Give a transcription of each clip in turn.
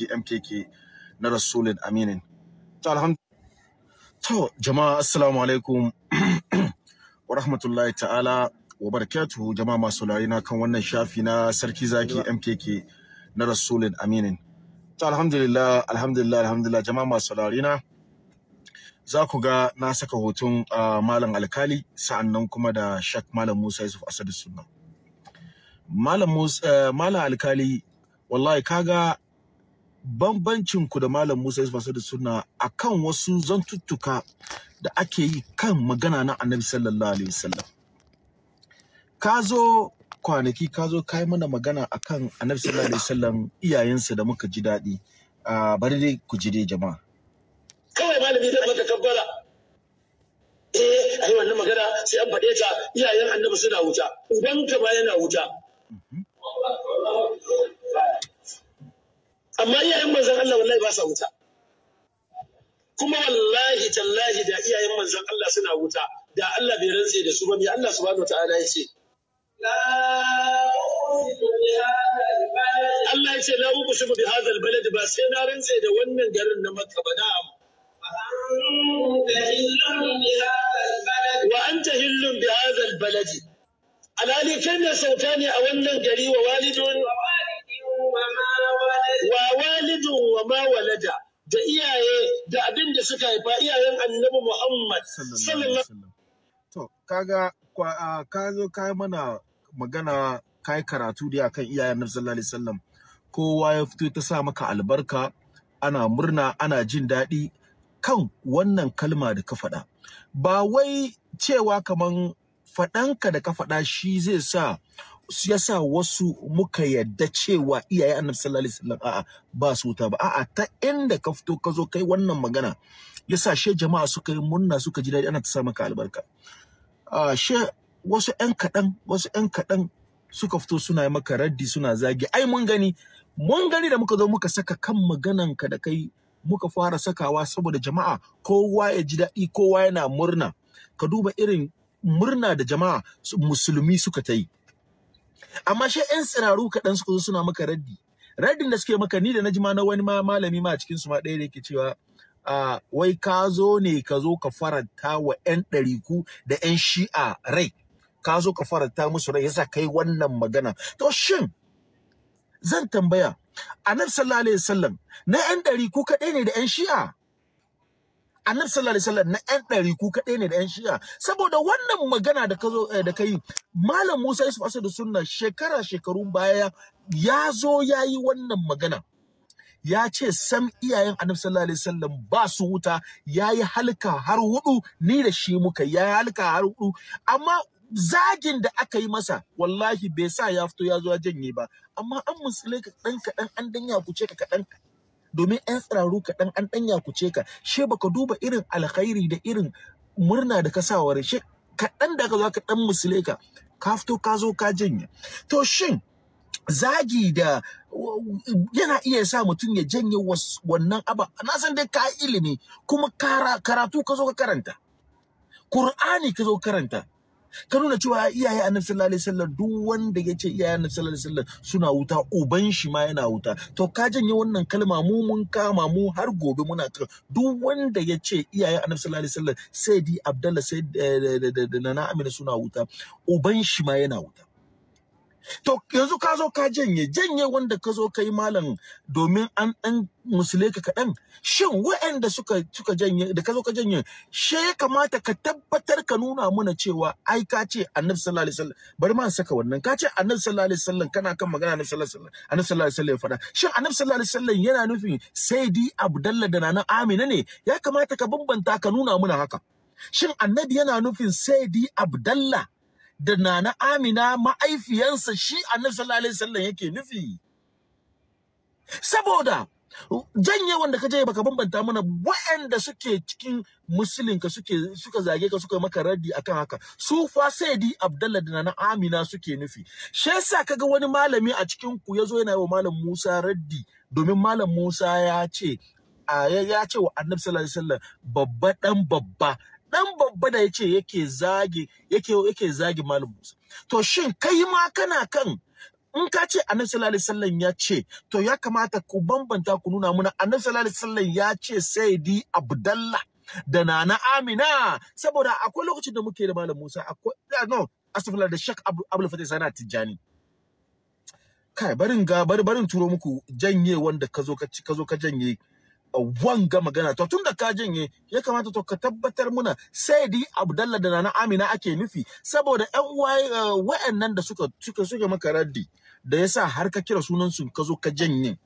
MKK na Rasulun Aminin. To, to jama'a assalamu alaikum wa rahmatullahi ta'ala wa barakatuhu jama'a masu na kan wannan shafi na Sarki Zaki MKK na Rasulun Aminin. To, alhamdulillah, alhamdulillah, alhamdulillah jama'a masu na za ku ga na saka hoton uh, Malam Alkali sa'annan kuma da Shak Malam Musa Yusuf Asadu Sunna. Malam Musa uh, eh, Malam Alkali wallahi kaga bambancin ku da Malam Musa Yusuf Suna, a akan wasu zantuttuka da ake yi kan magana na Annabi sallallahu alaihi wasallam. Ka zo kwanaki ka zo kai mana magana akan Annabi sallallahu alaihi wasallam iyayensa da muka ji daɗi. Uh, bari dai ku ji dai jama'a. Kawai malami zai baka kabbara. Eh, a yi wannan magana sai an faɗe ta iyayen Annabi suna wuta, ubanka ba yana wuta. Mhm. amma iyayen manzon Allah wallahi ba sa wuta kuma wallahi tallahi da iyayen manzon Allah suna wuta da Allah bai rantse da su ba me Allah subhanahu wataala ya Allah ya ce la uqsimu bi hadha albalad ba sai na rantse da wannan garin na Makka ba na'am wa anta hillun bi hadha albalad alali kai ne ne a wannan gari wa walidun ma walada da iyaye da abin da suka haifa iyayen annabi Muhammad sallallahu alaihi wasallam to kaga ka zo ka mana magana kai karatu da akan iyayen Nabi sallallahu alaihi wasallam kowa ya fito ta sa maka albarka ana murna ana jin daɗi kan wannan kalma da ka faɗa ba wai cewa kaman faɗanka da ka faɗa shi zai sa ya sa wasu muka yadda cewa iyaye annabi sallallahu alaihi wasallam a'a ba su wuta ba a'a ta inda ka fito ka zo kai wannan magana ya sa she jama'a suka yi murna suka ji daɗi ana ta sa maka albarka a she wasu ƴan kaɗan wasu ƴan kaɗan suka fito suna maka raddi suna zagi ai mun gani mun gani da muka zo muka saka kan maganan ka da kai muka fara sakawa saboda jama'a kowa ya ji daɗi kowa yana murna ka duba irin murna da jama'a musulmi suka ta yi amma shi yan tsiraru kaɗan suka zo suna maka raddi raddin da suke maka ni da na ji ma na wani malami ma a cikin su ma ɗaya da yake cewa a wai ka zo ne ka zo ka faranta wa 'yan ɗariku da 'yan shi'a rai ka zo ka faranta musu rai yasa kai wannan magana to shin zan tambaya nan sallallahu alaihi wasallam na 'yan ɗariku kaɗai ne da 'yan shi'a annabi sallallahu alaihi na yan ɗari ku kaɗai ne da yan shi'a saboda wannan magana eh, da ka yi malam musa yusuf asadu sunna shekara shekarun baya ya zo ya yi wannan magana ya ce sam iyayen annabi sallallahu alaihi ba su wuta ya yi halka har hudu ni da shi muka ya yi halka har hudu amma zagin da aka yi masa wallahi bai sa ya fito ya zo ya janye ba amma an musulai ka ɗan kaɗan an danya ku ce ka kaɗan domin 'yan tsiraru kaɗan an ɗan yakuce ka she ka duba irin alkhairi da irin murna da kasawar she kaɗan da ka zo ka ɗan musule ka ka fito ka zo ka janye to shin zagi da yana iya sa mutum ya janye wannan aba na san dai ka ilimi kuma karatu ka zo ka karanta Kur'ani ka zo karanta ka nuna cewa iyaye annabi sallallahu alaihi wasallam duk wanda ya ce iyaye annabi sallallahu alaihi wasallam suna wuta uban shi ma yana wuta to ka janye wannan kalma mu mun kama mu har gobe muna kan duk wanda ya ce iyaye annabi sallallahu alaihi wasallam sai di abdallah sai eh, da nana amina suna wuta uban shi ma yana wuta To yanzu ka zo ka janye, janye wanda ka zo ka yi malam domin an ɗan musule ka kaɗan. Shin wa'anda suka suka janye da ka zo ka janye, she ya kamata ka tabbatar ka nuna mana cewa ai ka ce Annabi sallallahu alaihi wasallam bari ma saka wannan ka ce Annabi sallallahu alaihi wasallam kana kan magana Annabi sallallahu alaihi wasallam ya faɗa. Shin Annabi sallallahu alaihi wasallam yana nufin sai di abdalla da nanan Amina ne ya kamata ka bambanta ka nuna mana haka. Shin Annabi yana nufin sai di abdalla da nana Amina ma'aifiyansa shi Annabi sallallahu alaihi wasallam yake nufi saboda janye wanda ka je baka bambanta mana waɗanda suke cikin musulun ka suke suka zage ka suka maka raddi akan haka su fa sai di Abdalla da nana Amina suke nufi shi yasa kaga wani malami a cikin ku yazo yana wa malam Musa raddi domin malam Musa ya ce ya ce wa Annabi sallallahu alaihi wasallam babba dan babba dan babba da yake yake zagi yake yake zagi malam Musa to shin kai ma kana kan in ka ce annabi sallallahu alaihi wasallam ya ce to ya kamata ku bambanta ku nuna muna annabi sallallahu alaihi wasallam ya ce sayyidi abdallah da nana amina saboda akwai lokacin da muke da malam Musa akwai no astaghfirullah da shak abdul fatih sana tijani kai barin ga barin turo muku janye wanda kazo ka ka zo ka janye wanga magana to da ka janye ya kamata to ka tabbatar muna sai di Abdalla da Nana Amina ake nufi saboda ƴan uwaye eh, wa'annan da suka suka suka maka raddi da yasa har ka kira sunan su ka zo ka janye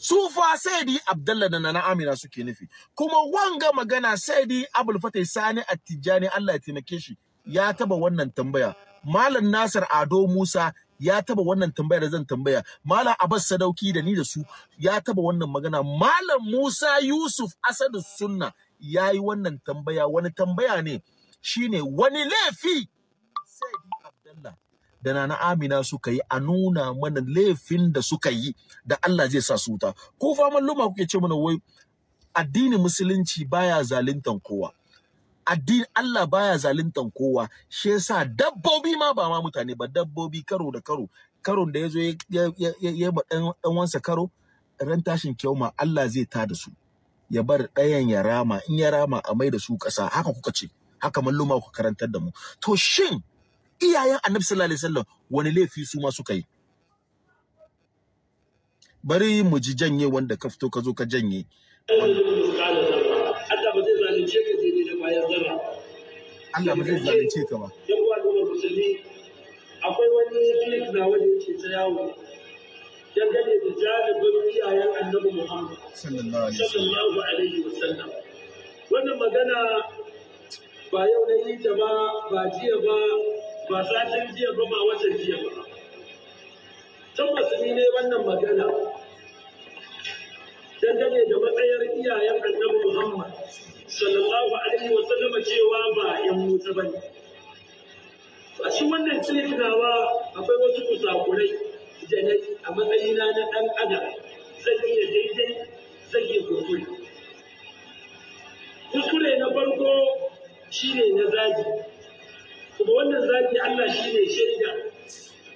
su fa sai di Abdalla da Nana Amina suke nufi kuma wanga magana sai di Abul Fatai Sani Attijani Allah ya taimake shi ya taba wannan tambaya Malam Nasir Ado Musa ya taba wannan tambaya da zan tambaya malam abbas sadauki da ni da su ya taba wannan magana malam musa yusuf asadu sunna ya yi wannan tambaya wani tambaya ne shine wani laifi sai abdallah da nana amina suka yi a nuna mana laifin da suka yi da allah zai sa su wuta ko fa malluma kuke ce mana wai addinin musulunci baya zaluntan kowa addini Allah baya zaluntan kowa shi yasa dabbobi ma ba ma mutane ba dabbobi karo da karo karon da yazo ya ya dan wansa karo ran tashin kyauma Allah zai ta da su ya bar ɗayan ya rama in ya rama a mai da su ƙasa haka kuka ce haka malluma ku karantar da mu to shin iyayen Annabi sallallahu alaihi wasallam wani laifi su ma suka yi bari mu ji janye wanda ka fito ka zo ka janye Allah ba zai zalunce ka ba. Yan uwa da musulmi akwai wani clip na wanda yake ta yawo dangane da iyayen annabi Muhammad sallallahu alaihi Wannan magana ba yau na yi ta ba ba jiya ba ba satin jiya ba ba watan jiya ba. Tabbas ni ne wannan magana dangane da matsayar iyayen annabi Muhammad alaihi wa cewa ba ‘yan wuta ba ne. A shi wannan tunawa akwai wasu kusakurai da na a matsayina na ɗan adam zan iya daidai zan iya kuskure. Kuskure na farko shi ne na zagi, kuma wannan zagi Allah shi ne shaida.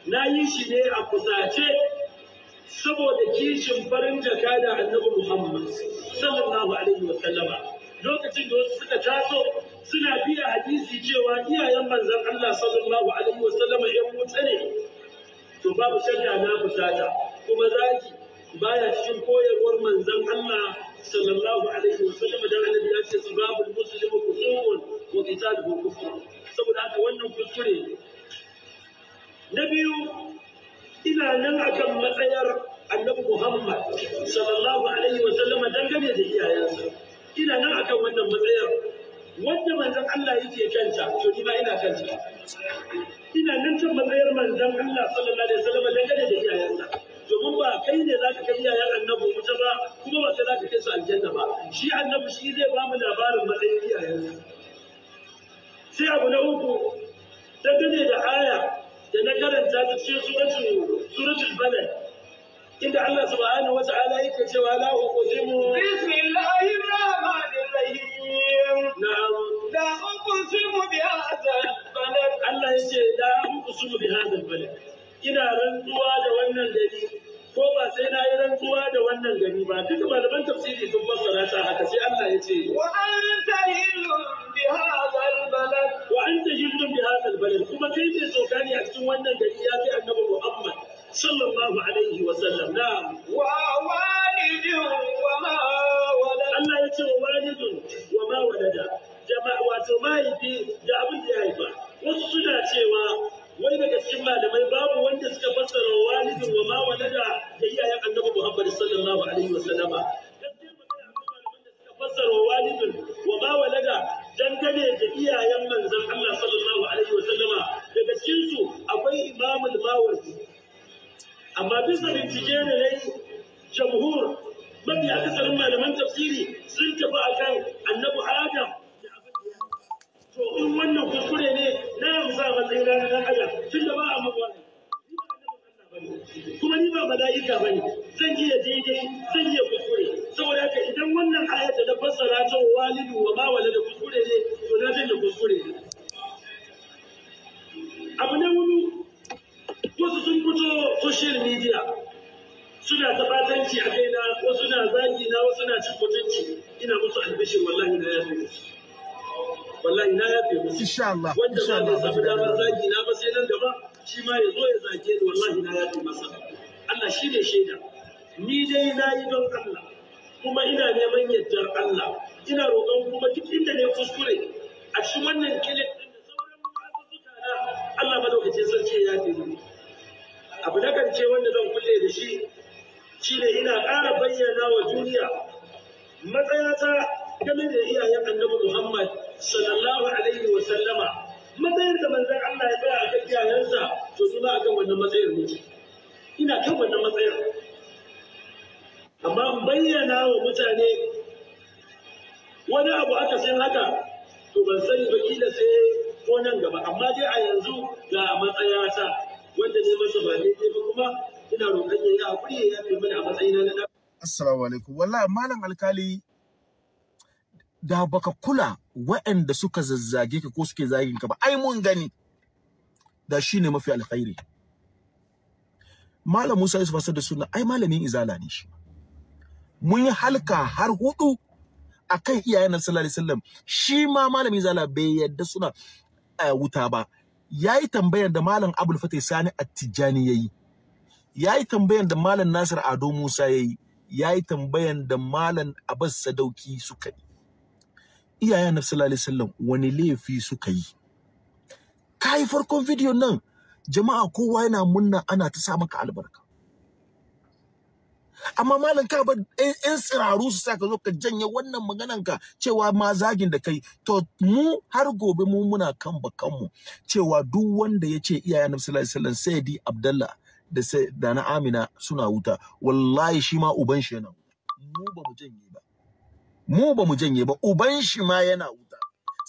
Na yi shi ne a kusace saboda kishin farin jaka da annabi Muhammad sallallahu alaihi wa sallama. lokacin da wasu suka taso suna biya hadisi cewa iyayen manzan Allah sallallahu alaihi wasallama yan wuta ne to babu shakka na fusata kuma zaki baya cikin koyarwar manzan Allah sallallahu alaihi wasallama dan annabi ya ce sababul muslimu kusurun wa qitaluhu kufrun saboda haka wannan kuskure na biyu ina nan akan matsayar annabi Muhammad sallallahu alaihi wasallama dangane da iyayensa ina nan akan wannan matsayar wanda manzon Allah yake kanta to ni ma ina kanta ina nan can matsayar manzon Allah sallallahu alaihi wasallam dangane da iyayensa domin ba kai ne za ka kai iyayen annabi wuta ba kuma ba sai za ka kai su aljanna ba shi annabi shi zai ba mu labarin matsayin iyayensa sai abu na uku dangane da aya da na karanta ta cikin suratul suratul balad inda Allah subhanahu wa ta'ala yake cewa la uqsimu bismillahir rahmanir rahim na'am la uqsimu bi hadha balad Allah yace la uqsimu bi hadha balad ina rantsuwa da wannan gari ko ba sai na yi rantsuwa da wannan gari ba duka malaman tafsiri sun fassara ta haka sai Allah yace wa anta hilun bi hadha balad wa anta hilun bi hadha balad kuma kai ne tsokani a cikin wannan gari ya fi annabi Muhammad sallallahu alaihi wa sallam na wa addini sun tafi akan batanci a kai na wasu na zagi na wasu na cin mutunci ina musu albishin wallahi na yafe musu wallahi na yafe musu insha Allah wanda ba zai samu ban zagi na ba sai nan gaba shi ma ya zo ya zage ni wallahi na yafe masa Allah shi ne shaida ni dai na yi don Allah kuma ina neman yardar Allah ina roƙon kuma duk inda ne kuskure a cikin wannan kilin din da sauran mutane Allah madaukakin sarki ya yafe abu na karshe wanda zan kulle da shi shine ina ƙara bayyana wa duniya matsayata game da iyayen annabi Muhammad sallallahu alaihi wa sallama matsayin da manzon Allah ya tsaya a kan iyayensa to ni ma akan wannan matsayar nake ina kan wannan matsayar. amma bayyana wa mutane wani abu aka san haka to ban sani ba kila sai ko nan gaba amma dai a yanzu ga matsayata wanda ne masa ba daidai ba kuma ina roƙon yayi hakuri ya yafe mana a matsayina na Assalamu alaikum wallahi malam alkali da baka kula waɗanda suka zazzage ka ko suke zagin ka ba ai mun gani da shine mafi alkhairi Malam Musa Yusuf asar da suna ai malamin izala ne shi mun yi halka har hudu akan iyayen nan sallallahu alaihi wasallam shi ma malamin izala bai yadda suna eh, wuta ba yayi tambayar da malam Abdul Fatih Sani Attijani yayi ya yi tambayan da malam nasir ado musa ya yi ya yi tambayan da malam abbas sadauki suka yi iyayen na sallallahu alaihi wani laifi suka yi ka yi farkon vidiyon nan jama'a kowa yana munna ana ta sa maka albarka amma malam ka ba yan tsiraru su sa ka zo ka janye wannan maganan ka cewa ma zagin da kai to mu har gobe mu muna kan bakanmu cewa duk wanda ya ce iyayen na sallallahu alaihi Sayyidi sai abdallah da sai da na Amina suna wuta wallahi shi ma uban shi yana wuta mu ba mu janye ba mu ba mu janye ba uban shi ma yana wuta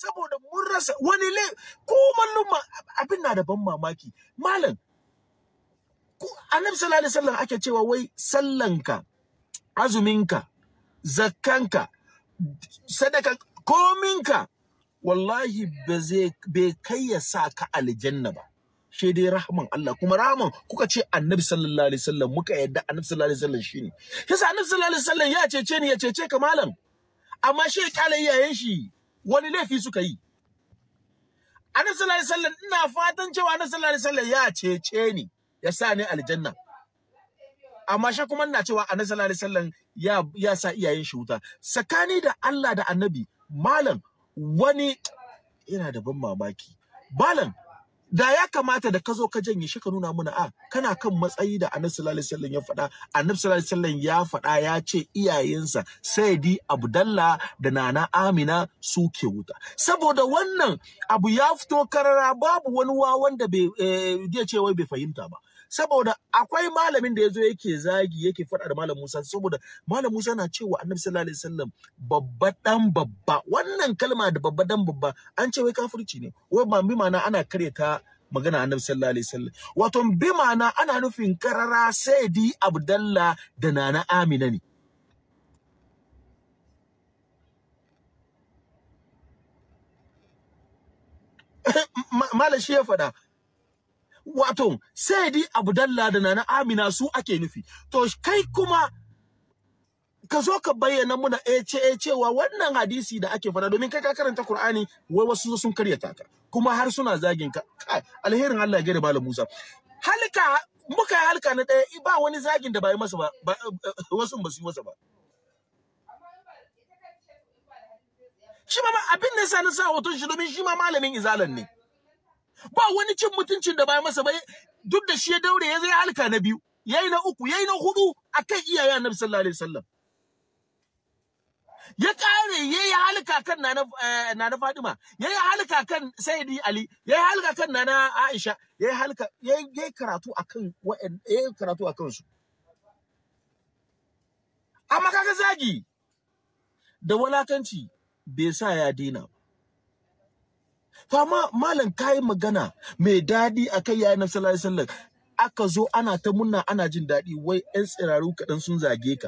saboda mun rasa wani le ko malluma abin na da ban mamaki malam ko annabi sallallahu alaihi wasallam ake cewa wai sallanka azuminka zakkanka sadaka kominka wallahi ba zai bai kai ya sa ka aljanna ba shi dai rahman Allah kuma rahman kuka ce annabi sallallahu alaihi wasallam muka yadda annabi sallallahu alaihi wasallam shine yasa annabi sallallahu alaihi wasallam ya cece ni ya cece ka malam amma shi kyale yayin shi wani laifi suka yi annabi sallallahu alaihi wasallam ina fatan cewa annabi sallallahu alaihi wasallam ya cece ni ya sa ni aljanna amma shi kuma ina cewa annabi sallallahu alaihi wasallam ya ya sa iyayen shi wuta sakani da Allah da annabi malam wani yana da ban mamaki malam da ya kamata da ka zo ka janye shi ka nuna mana a ah, kana kan matsayi da annabi sallallahu alaihi wasallam ya faɗa annabi sallallahu alaihi wasallam ya faɗa ya ce iyayensa sayyidi abdalla da nana amina su ke wuta saboda wannan abu ya fito karara babu wani wawan da bai eh, ce wai bai fahimta ba saboda akwai malamin da ya zo yake zagi yake faɗa da malam Musa saboda malam Musa na cewa annabi sallallahu alaihi wasallam babba dan babba wannan kalma da babba dan babba an ce wai kafirci ne wai ba bi ma'ana ana kare ta magana annabi sallallahu alaihi wasallam wato bi ma'ana ana nufin karara saidi, Abdullah da Nana Amina ne Malam shi ya faɗa wato sai dai abdalla da nana amina su ake nufi to kai kuma ka zo ka bayyana muna eh cewa wannan hadisi da ake fara domin kai ka karanta Qur'ani wai wasu sun karyata ka kuma har suna zagin ka alherin Allah ya gare malam Musa halka muka yi halka na ɗaya ba wani zagin da ba yi masa ba eh, wasu ba su yi masa ba shi ma abin da yasa na sa hoton shi domin shi ma malamin izalan ne ba wani cin mutuncin da ba masa ba duk da shi ya daure ya zai halka na biyu yayi na uku yayi na hudu akan iyaye Annabi sallallahu alaihi wasallam ya kare yayi halka kan nana eh, nana Fatima yayi halka kan Sayyidi Ali yayi halka kan nana Aisha yayi halka yayi karatu akan wa'an yayi karatu akan su amma kaga zagi da walakanci bai sa ya dina ba to amma malam kayi magana mai dadi kai yayin nabi sallallahu alaihi wasallam aka zo ana ta munna ana jin dadi wai yan tsiraru kaɗan sun zage ka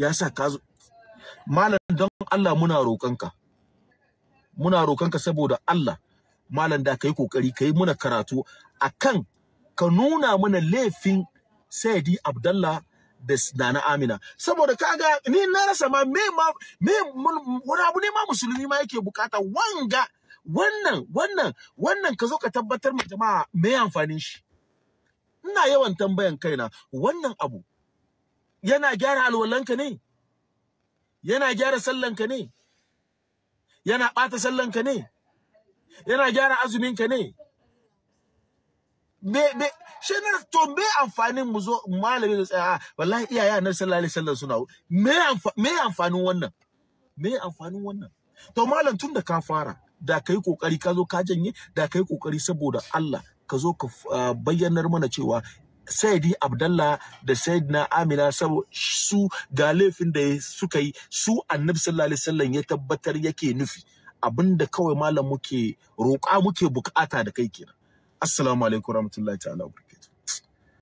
ya sa ka zo malam don Allah muna roƙonka muna roƙonka saboda Allah malam da kai kokari kai muna karatu akan ka nuna mana laifin Sayyidi abdullah da na Amina saboda kaga ni na rasa ma me ma me wani abu ne ma musulmi ma yake bukata wanga wannan wannan wannan ka zo ka tabbatar ma jama'a me amfanin shi ina yawan tambayan kaina wannan abu yana gyara alwalanka ne yana gyara sallanka ne yana ɓata sallanka ne yana gyara ka ne shi ne to me amfanin mu zo malami da tsaya ah, wallahi iyaye annabi sallallahu alaihi wasallam suna me me amfanin wannan me amfanin wannan to malam tun da ka fara da kai kokari ka zo ka janye da kai kokari saboda Allah ka zo ka ah, bayyanar mana cewa Saidi Abdallah da Sayyidina Amina sabo su ga laifin da suka yi su Annabi sallallahu alaihi wasallam ya tabbatar yake nufi abinda kawai malam muke roƙa muke bukata da kai kenan assalamu alaikum warahmatullahi ta'ala